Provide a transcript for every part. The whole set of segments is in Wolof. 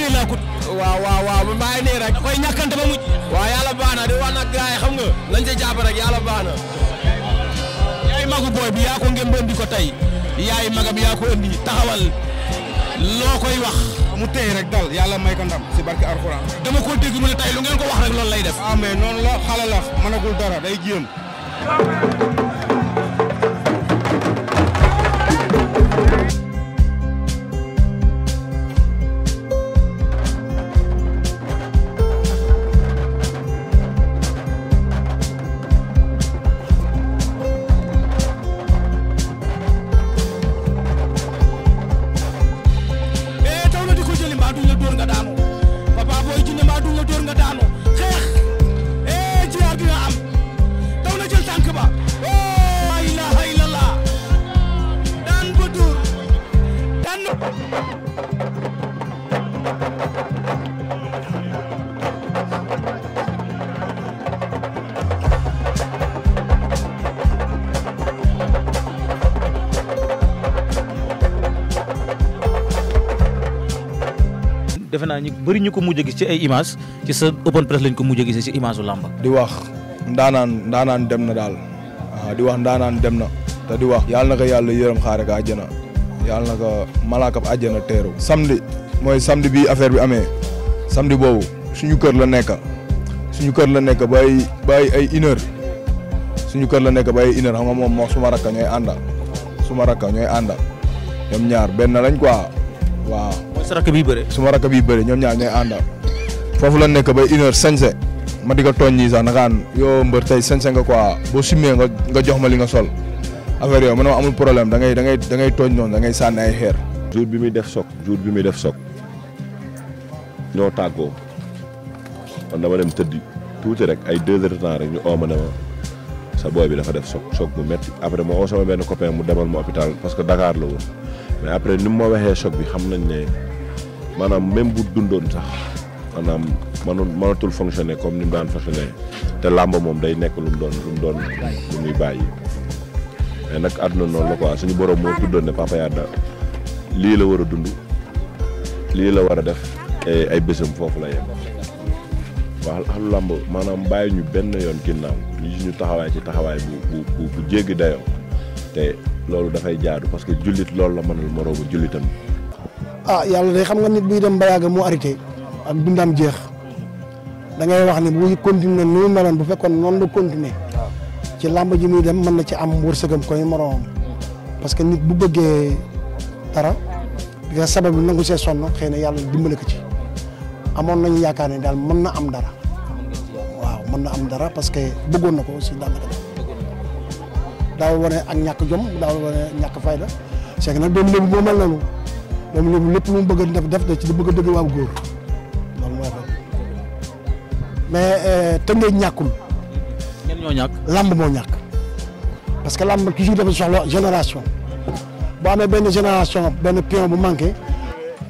téye naa ko. waaw waaw waaw man maa ngi nii rek. koy ñàkkante ba mujj. waaw yàlla baax na di wax nag gars xam nga. lañ ca jàpp rek yàlla baax na. yaay magu booy bi yaa ko ngeen indi ko tey. yaay magam yaa ko indi taxawal. loo koy wax. mu téye rek dal yàlla may ko ndam si barki alxuraan. dama ko dégg mu ne tey lu ngeen ko wax rek loolu lay def. ah mais noonu la xale la mënagul dara day jéem. defe naa ñu bëri ñu ko mujj a gis ci ay image ci sa open press lañ ko mujj a gisee ci image u làmb di wax ndaanaan ndaanaan dem na daal waaw ah, di wax ndaanaan dem na te di wax yàlla na ko yàlla yërëm xaare ko àjjana yàlla na ko malaakab na teeru samedi mooy samedi bi affaire bi amee samedi boobu suñu kër la nekk suñu kër la nekk bay bay ay une heure suñu la nekk bay une heure moom moo sumaraka rakka ñooy ànda suma rakka ñooy ànda ñoom ñaar benn lañ quoi waaw. mooy bi bëre. suma rakk bi bëre ñoom ñaar ñooy ànda foofu la nekk bay une heure sañse ma di ko tooñ ñii sax nakaan yoo mbër tey sañse nga quoi boo simmee nga nga jox ma li nga sol. affaire man ma amul problème da ngay da ngay da ngay tooñ noonu da ngay sànni ay xeer. jour bi muy def soog jour bi muy def soog ñoo tàggoo man dama dem tëddi tuuti rek ay deux heures de temps rek ñu ooma ne sa booy bi dafa def soog soog bu metti après ma oo sama benn copain mu demal ma hôpital parce que Dakar la woon mais après ni ma waxee sook bi xam nañ ne maanaam même bu dundoon sax maanaam mënul mënatul fonctionner comme ni mu daan fonctionner te làmb moom day nekk lu mu doon mais nag àdduna noonu la quoi suñu borom moo tuddoon ne Papa Yada lii la war a dund lii la war a def ay bésam foofu la yem waaw xam làmb maanaam bàyyi ñu benn yoon ginnaaw ñu ñu taxawaay ci taxawaay bu bu bu jéggi dayoo te loolu dafay jaadu parce que jullit loolu la mënal moroomu jullitam. ah yàlla day xam nga nit buy dem bayaaga yàgg mu arrêté ak dundam jeex da wax ne bu continuer nu meloon bu fekkoon noonu la continuer ci làmb ji muy dem mën na ci am wërsëgam koy moroomam parce que nit bu bëggee dara di sabab lu nangu see sonn xëy na yàlla dimbale ko ci amoon nañu yaakaar ne daal mën na am dara waaw mën na am dara parce que bëggoon na ko aussi daanaka daaw wane ak ñàkk jom daaw wane ñàkk fayda c'est que nag doomu lébu moo mel noonu doomu lébu lépp mu bëgg def def da ci bëgg a dëgg waaw góor loolu mooy mais euh, tëngee ñàkkul ñoo ñàkk lamb moo ñàkk parce que lamb toujours dafa soxla génération boo amee benn génération benn pion bu manqué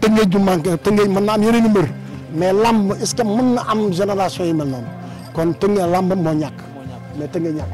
tëngeej du manqué tëngeej mën na am yeneen i mais lamb est-ce que mën na am génération yi mel noonu kon tëngeej lamb moo ñàkk mais tëngeej ñàkk